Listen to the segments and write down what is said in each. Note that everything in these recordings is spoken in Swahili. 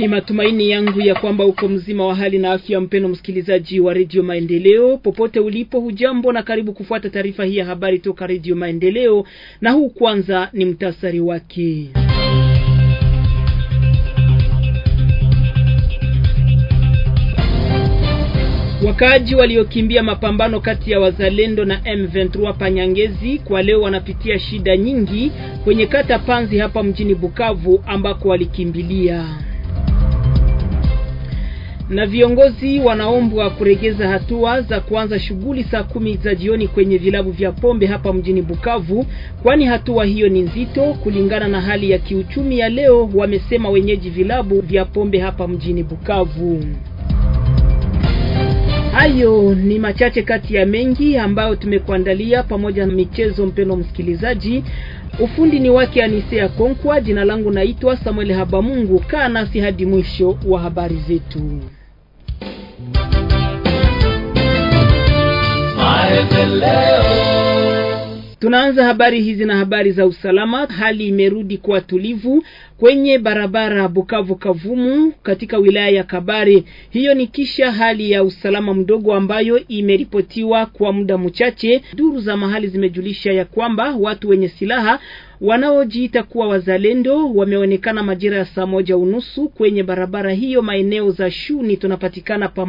Ni matumaini yangu ya kwamba uko mzima wa hali na afya, mpeno msikilizaji wa redio Maendeleo popote ulipo, hujambo na karibu kufuata taarifa hii ya habari toka redio Maendeleo, na huu kwanza ni mtasari wake. Wakaaji waliokimbia mapambano kati ya wazalendo na M23 Panyangezi kwa leo wanapitia shida nyingi kwenye kata Panzi hapa mjini Bukavu ambako walikimbilia na viongozi wanaombwa kuregeza hatua za kuanza shughuli saa kumi za jioni kwenye vilabu vya pombe hapa mjini Bukavu, kwani hatua hiyo ni nzito kulingana na hali ya kiuchumi ya leo, wamesema wenyeji vilabu vya pombe hapa mjini Bukavu. Hayo ni machache kati ya mengi ambayo tumekuandalia pamoja na michezo. mpeno msikilizaji, ufundi ni wake Anisea Konkwa. Jina langu naitwa Samuel Habamungu. Kaa nasi hadi mwisho wa habari zetu. Tunaanza habari hizi na habari za usalama. Hali imerudi kuwa tulivu kwenye barabara Bukavu Kavumu katika wilaya ya Kabare. Hiyo ni kisha hali ya usalama mdogo ambayo imeripotiwa kwa muda mchache. Duru za mahali zimejulisha ya kwamba watu wenye silaha Wanaojiita kuwa wazalendo wameonekana majira ya saa moja unusu kwenye barabara hiyo maeneo za Shuni tunapatikana pa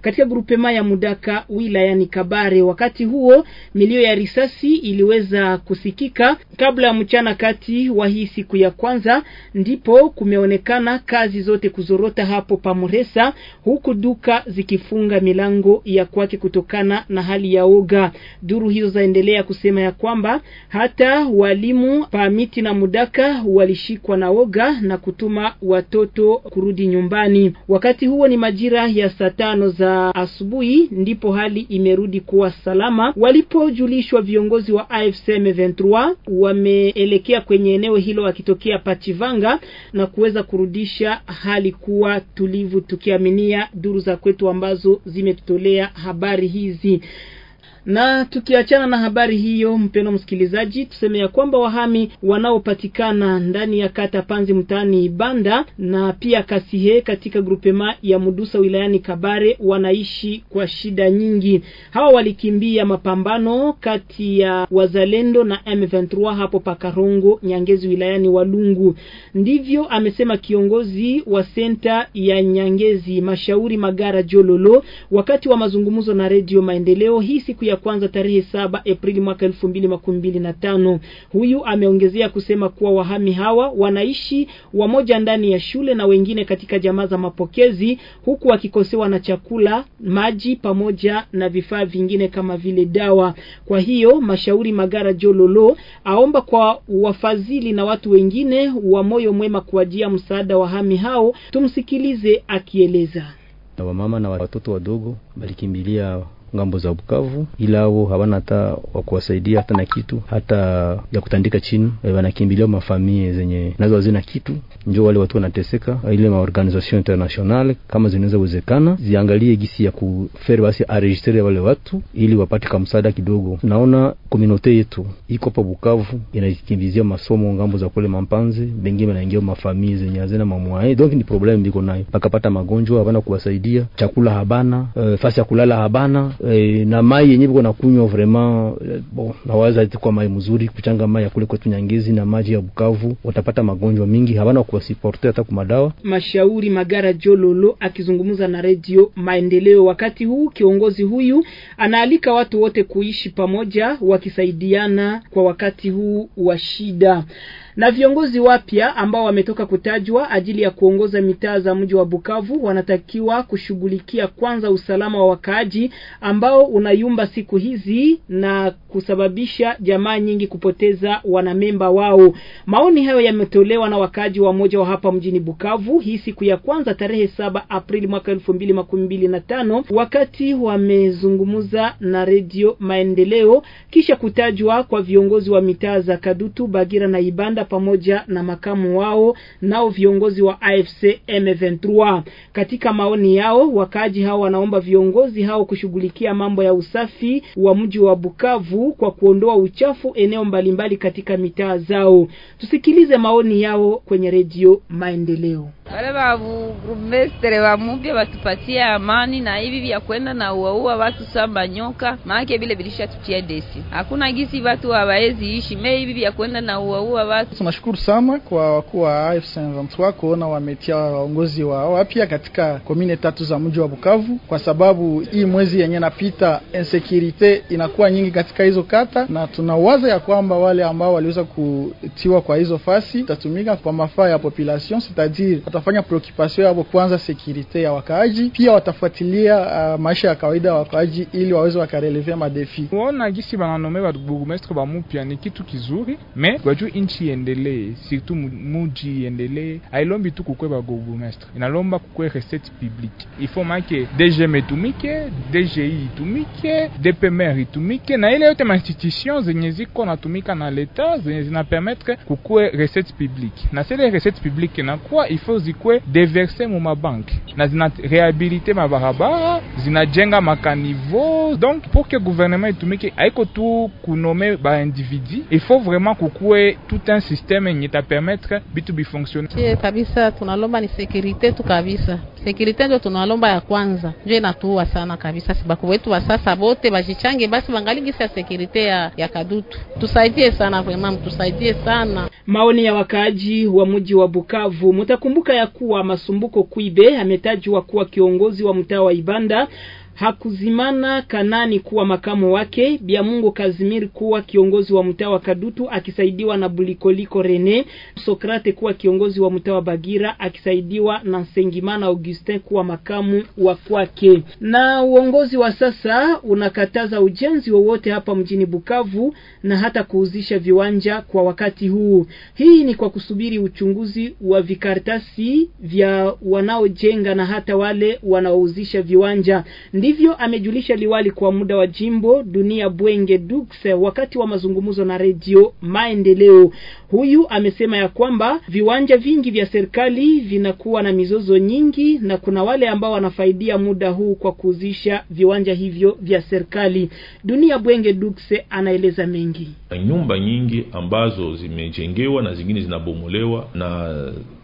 katika grupema ya Mudaka wilayani Kabare. Wakati huo milio ya risasi iliweza kusikika kabla ya mchana kati wa hii siku ya kwanza, ndipo kumeonekana kazi zote kuzorota hapo pa huku duka zikifunga milango ya kwake kutokana na hali ya oga. Duru hizo zaendelea kusema ya kwamba hata wali walimu Pamiti na Mudaka walishikwa na woga na kutuma watoto kurudi nyumbani. Wakati huo ni majira ya saa tano za asubuhi, ndipo hali imerudi kuwa salama walipojulishwa viongozi wa AFC M23 wameelekea kwenye eneo hilo wakitokea Pachivanga na kuweza kurudisha hali kuwa tulivu, tukiaminia duru za kwetu ambazo zimetutolea habari hizi. Na tukiachana na habari hiyo, mpeno msikilizaji, tuseme ya kwamba wahami wanaopatikana ndani ya kata Panzi mtaani Banda na pia Kasihe katika grupema ya Mudusa wilayani Kabare wanaishi kwa shida nyingi. Hawa walikimbia mapambano kati ya wazalendo na M23 hapo Pakarongo Nyangezi wilayani Walungu. Ndivyo amesema kiongozi wa senta ya Nyangezi Mashauri Magara Jololo wakati wa mazungumzo na Radio Maendeleo hii siku ya ya kwanza tarehe saba Aprili mwaka elfu mbili makumi mbili na tano. Huyu ameongezea kusema kuwa wahami hawa wanaishi wamoja ndani ya shule na wengine katika jamaa za mapokezi, huku wakikosewa na chakula, maji pamoja na vifaa vingine kama vile dawa. Kwa hiyo Mashauri Magara Jololo aomba kwa wafadhili na watu wengine wa moyo mwema kuwajia msaada wahami hao. Tumsikilize akieleza. Na wamama na watoto wadogo walikimbilia ngambo za Bukavu, ila hao hawana hata wa kuwasaidia hata na kitu hata ya kutandika chini. Eh, wanakimbilia mafamie zenye nazo hazina kitu, njo wale watu wanateseka. Ile maorganization international kama zinaweza uwezekana ziangalie gisi ya kufere basi aregistre wale watu ili wapate kamsaada kidogo. Naona komunote yetu iko pa Bukavu inakimbizia masomo ngambo za kule Mampanze, bengi wanaingia mafamie zenye hazina mamwae, donc ni problem biko nayo, pakapata magonjwa habana kuwasaidia, chakula habana, uh, fasi ya kulala habana eh, na mai yenyewe biko nakunywa vraiment eh, bon nawaza kwa mai mzuri kuchanga mai ya kule kwetu Nyangezi na maji ya Bukavu, watapata magonjwa mingi, hawana kuwasuporte hata kwa madawa. Mashauri Magara Jololo akizungumza na redio Maendeleo. Wakati huu kiongozi huyu anaalika watu wote kuishi pamoja wakisaidiana kwa wakati huu wa shida. Na viongozi wapya ambao wametoka kutajwa ajili ya kuongoza mitaa za mji wa Bukavu wanatakiwa kushughulikia kwanza usalama wa wakaaji ambao unayumba siku hizi na kusababisha jamaa nyingi kupoteza wanamemba wao. Maoni hayo yametolewa na wakaaji wa moja wa hapa mjini Bukavu hii siku ya kwanza tarehe saba Aprili mwaka elfu tano wakati wamezungumza na redio Maendeleo kisha kutajwa kwa viongozi wa mitaa za Kadutu, Bagira na Ibanda pamoja na makamu wao nao viongozi wa AFC M23. Katika maoni yao, wakaaji hao wanaomba viongozi hao kushughulikia mambo ya usafi wa mji wa Bukavu kwa kuondoa uchafu eneo mbalimbali katika mitaa zao. Tusikilize maoni yao kwenye redio Maendeleo. Wale wa vamupya vatupatie amani na hivi vya kwenda na uaua watu samba nyoka maake vile vilishatutia desi, hakuna gisi watu hawaezi ishi me hivi vya kwenda na uaua watu Tunashukuru sana kwa wakuu wa AFC M23 kuona wametia waongozi wa wapya katika komine tatu za mji wa Bukavu, kwa sababu hii mwezi yenye napita insecurity inakuwa nyingi katika hizo kata, na tunawaza ya kwamba wale ambao waliweza kutiwa kwa hizo fasi itatumika kwa mafaa ya population, c'est-a-dire watafanya preoccupation yao kwanza security ya wakaaji, pia watafuatilia uh, maisha ya kawaida ya wakaaji ili waweze wakareleve madefi. Kuona gisi bananome ba burgumestre bamupya ni kitu kizuri me kwaju nchi iendelee, surtout muji iendelee. ailombi tu kukwe ba burgomestre, inalomba kukwe recette publike Ifo make DGM etumike DGI itumike, DPMR itumike na ile yote mainstitution zenye ziko natumika na leta zenye zinapermettre kukwe recette publique, na sele recette publique inakuwa ifo zikwe deverse mu mabanke na zina rehabilite mabarabara zinajenga makanivo. Donc pour que gouvernement itumike haiko tu kunome ba individu, il faut vraiment kukue tout un systeme ta permettre bitu bifonctionne. Kabisa tunalomba ni sécurité tu kabisa Sekirite ndio tunalomba ya kwanza, ndio inatuua sana kabisa. Sibaku wetu wa sasa bote bajichange basi, ya sekirite ya, ya Kadutu, tusaidie sana vraiment, tusaidie sana. Maoni ya wakaaji wa mji wa Bukavu. Mtakumbuka ya kuwa Masumbuko Kuibe ametajwa kuwa kiongozi wa mtaa wa Ibanda Hakuzimana Kanani kuwa makamu wake, Biamungo Kazimiri kuwa kiongozi wa mtaa wa Kadutu akisaidiwa na Bulikoliko Rene, Sokrate kuwa kiongozi wa mtaa wa Bagira akisaidiwa na sengimana Augustin kuwa makamu wa kwake. Na uongozi wa sasa unakataza ujenzi wowote hapa mjini Bukavu na hata kuuzisha viwanja kwa wakati huu. Hii ni kwa kusubiri uchunguzi wa vikartasi vya wanaojenga na hata wale wanaouzisha viwanja. Ndivyo amejulisha liwali kwa muda wa jimbo Dunia Bwenge Dux wakati wa mazungumzo na redio Maendeleo. Huyu amesema ya kwamba viwanja vingi vya serikali vinakuwa na mizozo nyingi na kuna wale ambao wanafaidia muda huu kwa kuuzisha viwanja hivyo vya serikali. Dunia Bwenge Dux anaeleza mengi. Nyumba nyingi ambazo zimejengewa na zingine zinabomolewa na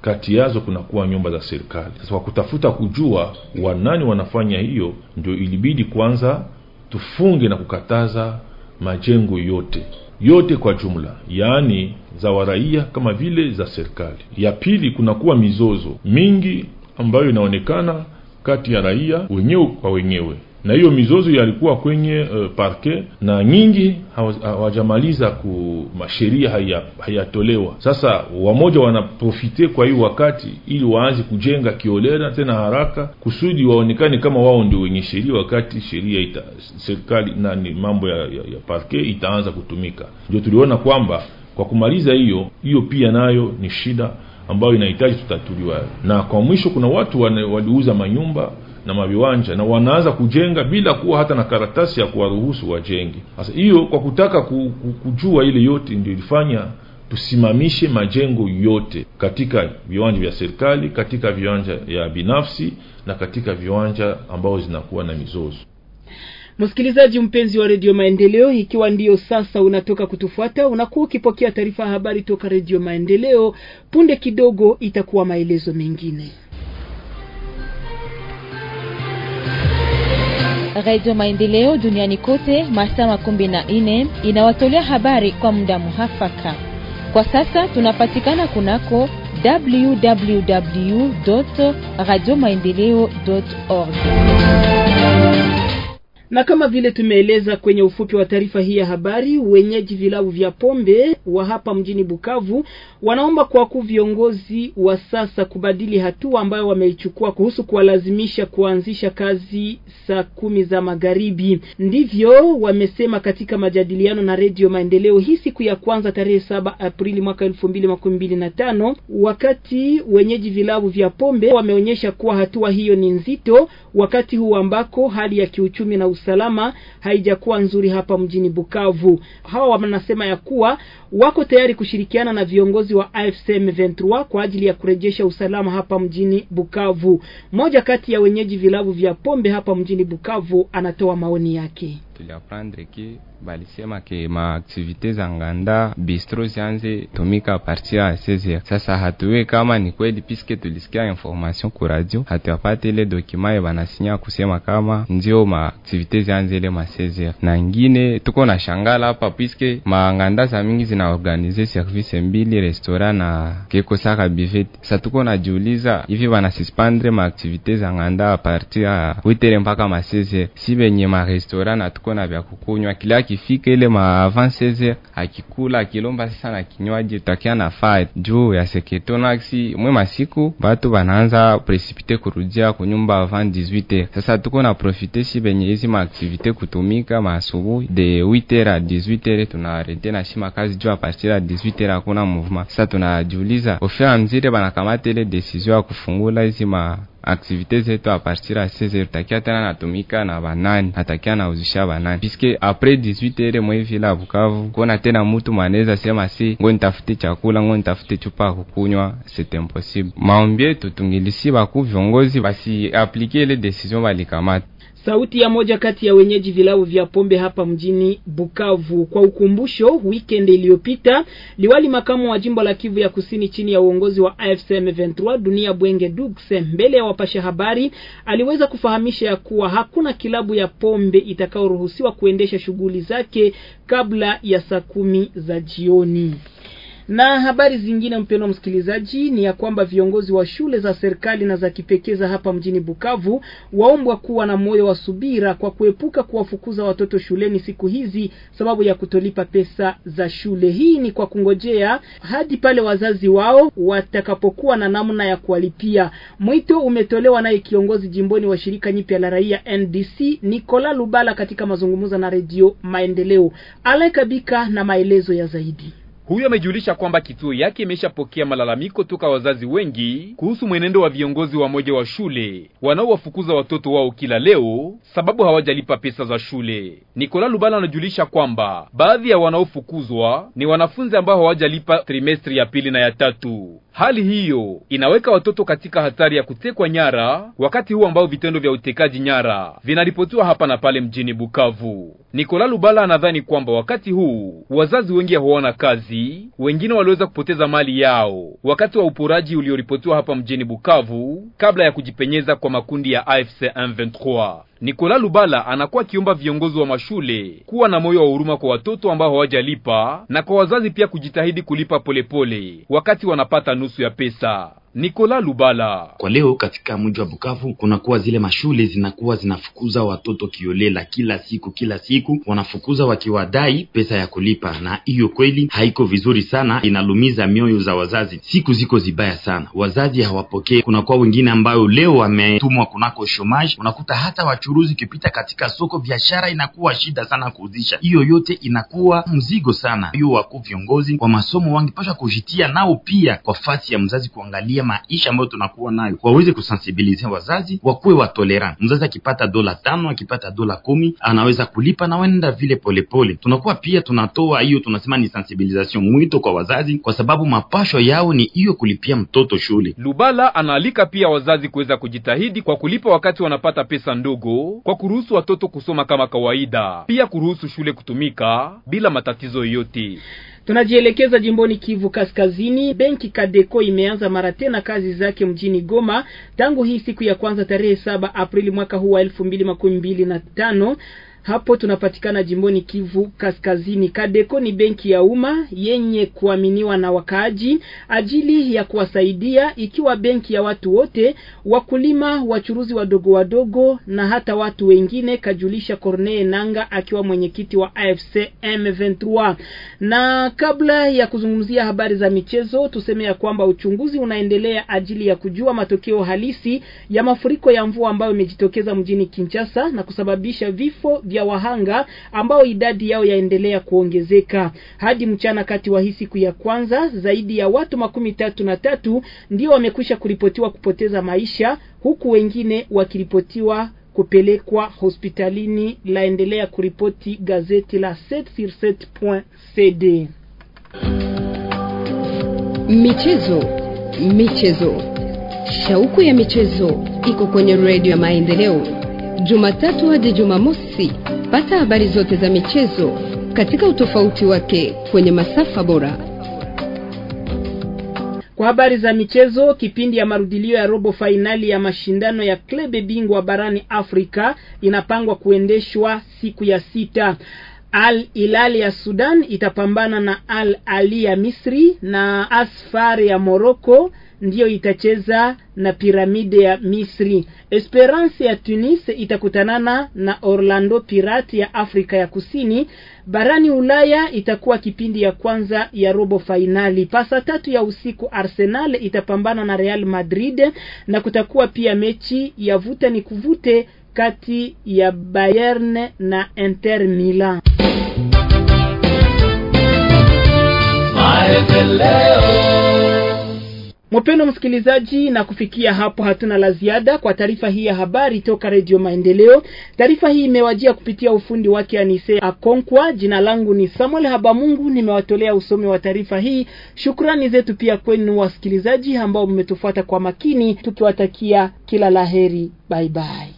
kati yazo kunakuwa nyumba za serikali. Sasa kwa kutafuta kujua wanani wanafanya hiyo ndio ndio ilibidi kwanza tufunge na kukataza majengo yote yote kwa jumla, yaani za waraia kama vile za serikali. Ya pili, kunakuwa mizozo mingi ambayo inaonekana kati ya raia wenyewe kwa wenyewe na hiyo mizozo yalikuwa kwenye uh, eh, parke na nyingi hawajamaliza ku masheria hayatolewa haya. Sasa wamoja wanaprofite kwa hiyo wakati ili waanze kujenga kiolela tena haraka kusudi waonekane kama wao ndio wenye sheria, wakati sheria ita serikali ni mambo ya, ya, ya parke itaanza kutumika. Ndio tuliona kwamba kwa kumaliza hiyo hiyo pia nayo ni shida ambayo inahitaji tutatuliwa, na kwa mwisho kuna watu waliuza manyumba na maviwanja na wanaanza kujenga bila kuwa hata na karatasi ya kuwaruhusu wajenge. Sasa hiyo kwa kutaka ku, ku, kujua ile yote ndio ilifanya tusimamishe majengo yote katika viwanja vya serikali, katika viwanja ya binafsi na katika viwanja ambao zinakuwa na mizozo. Msikilizaji mpenzi wa Redio Maendeleo, ikiwa ndiyo sasa unatoka kutufuata, unakuwa ukipokea taarifa ya habari toka Redio Maendeleo. Punde kidogo itakuwa maelezo mengine. Radio Maendeleo duniani kote masaa 14 inawatolea habari kwa muda muhafaka. Kwa sasa tunapatikana kunako www radio maendeleo org na kama vile tumeeleza kwenye ufupi wa taarifa hii ya habari, wenyeji vilabu vya pombe wa hapa mjini Bukavu wanaomba kwa wakuu viongozi wa sasa kubadili hatua ambayo wameichukua kuhusu kuwalazimisha kuanzisha kazi saa kumi za magharibi. Ndivyo wamesema katika majadiliano na Redio Maendeleo hii siku ya kwanza tarehe saba Aprili mwaka elfu mbili makumi mbili na tano wakati wenyeji vilabu vya pombe wameonyesha kuwa hatua hiyo ni nzito wakati huu ambako hali ya kiuchumi na usalama haijakuwa nzuri hapa mjini Bukavu. Hawa wanasema ya kuwa wako tayari kushirikiana na viongozi wa AFC M23 kwa ajili ya kurejesha usalama hapa mjini Bukavu. Mmoja kati ya wenyeji vilabu vya pombe hapa mjini Bukavu anatoa maoni yake tuliaprendre ke balisema ke maaktivite za nganda bistro zianze tumika partir ya 16h. Sasa hatuwe kama ni kweli, piske tulisikia information ku radio, hatuyapate ile dokima ye banasinya kusema kama ndio maaktivite zianze ile ma 16h, na ngine tuko na shangala hapa, piske manganda za mingi zinaorganize service mbili restaurant na keko saka bivet. tuko tuko najiuliza hivi banasuspendre maaktivite za nganda a partir ya 8h mpaka ma 16h, si benye ma restaurant na tuko iko na vya kukunywa, kila akifika ile ma 16h akikula akilomba sasa na kinywaji takia na fight juu ya seketonaxi mwe masiku batu banaanza precipiter kurudia kunyumba avant 18h. Sasa tuko na profiter si benye hizi activite kutumika maasubuhi de 8h a 18h, tunaarete na shima kazi juu a partir ya 18h hakuna mouvement. Sasa tunajiuliza ofia mzire banakamata ile decision ya kufungula hizi ma activite zetu apartir ya 16h takia tena natumika na banani, natakia nauzisha banani piske apres 18h mwevile ya Bukavu kona tena mutu maneza sema si ngo nitafute chakula ngo nitafute chupa ya kukunywa, c'est impossible. Maombi yetu tungilisi baku viongozi basi aplike ile decision balikamata Sauti ya moja kati ya wenyeji vilabu vya pombe hapa mjini Bukavu. Kwa ukumbusho, weekend iliyopita liwali makamu wa jimbo la Kivu ya Kusini chini ya uongozi wa AFC M23 Dunia Bwenge Dukse, mbele ya wapasha habari aliweza kufahamisha ya kuwa hakuna kilabu ya pombe itakayoruhusiwa kuendesha shughuli zake kabla ya saa kumi za jioni. Na habari zingine, mpendwa msikilizaji, ni ya kwamba viongozi wa shule za serikali na za kipekee za hapa mjini Bukavu waombwa kuwa na moyo wa subira kwa kuepuka kuwafukuza watoto shuleni siku hizi sababu ya kutolipa pesa za shule. Hii ni kwa kungojea hadi pale wazazi wao watakapokuwa na namna ya kuwalipia. Mwito umetolewa naye kiongozi jimboni wa shirika nyipya la raia NDC Nicola Lubala katika mazungumzo na Radio Maendeleo. Alaikabika na maelezo ya zaidi. Huyo amejulisha kwamba kituo yake imeshapokea malalamiko toka wazazi wengi kuhusu mwenendo wa viongozi wa moja wa shule wanaowafukuza watoto wao kila leo sababu hawajalipa pesa za shule. Nikola Lubala anajulisha kwamba baadhi ya wanaofukuzwa ni wanafunzi ambao hawajalipa trimestri ya pili na ya tatu. Hali hiyo inaweka watoto katika hatari ya kutekwa nyara, wakati huu ambao vitendo vya utekaji nyara vinaripotiwa hapa na pale mjini Bukavu. Nikola Lubala anadhani kwamba wakati huu wazazi wengi hawana kazi, wengine waliweza kupoteza mali yao wakati wa uporaji ulioripotiwa hapa mjini Bukavu kabla ya kujipenyeza kwa makundi ya AFC M23. Nikola Lubala anakuwa kiomba viongozi wa mashule kuwa na moyo wa huruma kwa watoto ambao hawajalipa na kwa wazazi pia kujitahidi kulipa polepole pole, wakati wanapata nusu ya pesa. Nikola Lubala. Kwa leo katika mji wa Bukavu kunakuwa zile mashule zinakuwa zinafukuza watoto kiolela kila siku kila siku, wanafukuza wakiwadai pesa ya kulipa, na hiyo kweli haiko vizuri sana, inalumiza mioyo za wazazi. Siku ziko zibaya sana, wazazi hawapokee. Kunakuwa wengine ambayo leo wametumwa kunako shomaji, unakuta hata wachuruzi ukipita katika soko, biashara inakuwa shida sana kuuzisha. Hiyo yote inakuwa mzigo sana. Hiyo wako viongozi wa masomo wangepasha kujitia nao pia kwa fasi ya mzazi kuangalia ya maisha ambayo tunakuwa nayo, waweze kusensibilize wazazi wakuwe watolerant. Mzazi akipata dola tano akipata dola kumi anaweza kulipa na wenda vile polepole. Tunakuwa pia tunatoa hiyo, tunasema ni sensibilization, mwito kwa wazazi, kwa sababu mapasho yao ni hiyo, kulipia mtoto shule. Lubala anaalika pia wazazi kuweza kujitahidi kwa kulipa wakati wanapata pesa ndogo, kwa kuruhusu watoto kusoma kama kawaida, pia kuruhusu shule kutumika bila matatizo yoyote. Tunajielekeza jimboni Kivu Kaskazini. Benki Kadeko imeanza mara tena kazi zake mjini Goma tangu hii siku ya kwanza tarehe saba Aprili mwaka huu wa elfu mbili makumi mbili na tano. Hapo tunapatikana jimboni Kivu Kaskazini. Kadeko ni benki ya umma yenye kuaminiwa na wakaaji ajili ya kuwasaidia, ikiwa benki ya watu wote, wakulima, wachuruzi wadogo wadogo na hata watu wengine, kajulisha Corneye Nanga akiwa mwenyekiti wa AFC M23. Na kabla ya kuzungumzia habari za michezo, tuseme ya kwamba uchunguzi unaendelea ajili ya kujua matokeo halisi ya mafuriko ya mvua ambayo imejitokeza mjini Kinshasa na kusababisha vifo vya ya wahanga ambao idadi yao yaendelea kuongezeka. Hadi mchana kati wa hii siku ya kwanza, zaidi ya watu makumi tatu na tatu ndio wamekwisha kuripotiwa kupoteza maisha, huku wengine wakiripotiwa kupelekwa hospitalini, laendelea kuripoti gazeti la 7sur7.cd. Michezo, michezo, shauku ya michezo iko kwenye redio ya Maendeleo Jumatatu hadi Jumamosi, pata habari zote za michezo katika utofauti wake kwenye masafa bora. Kwa habari za michezo, kipindi ya marudilio ya robo fainali ya mashindano ya klebe bingwa barani Afrika inapangwa kuendeshwa siku ya sita. Al Hilal ya Sudan itapambana na Al Ali ya Misri na Asfar ya Morocco ndiyo itacheza na Piramide ya Misri. Esperance ya Tunis itakutanana na Orlando Pirates ya Afrika ya Kusini. Barani Ulaya itakuwa kipindi ya kwanza ya robo fainali. Pasa tatu ya usiku Arsenal itapambana na Real Madrid na kutakuwa pia mechi ya vuta ni kuvute kati ya Bayern na Inter Milan. Maendeleo Mwapendo msikilizaji, na kufikia hapo hatuna la ziada kwa taarifa hii ya habari toka Redio Maendeleo. Taarifa hii imewajia kupitia ufundi wake Anise Akonkwa. Jina langu ni Samuel Habamungu, nimewatolea usomi wa taarifa hii. Shukrani zetu pia kwenu wasikilizaji ambao mmetufuata kwa makini, tukiwatakia kila laheri. Baibai.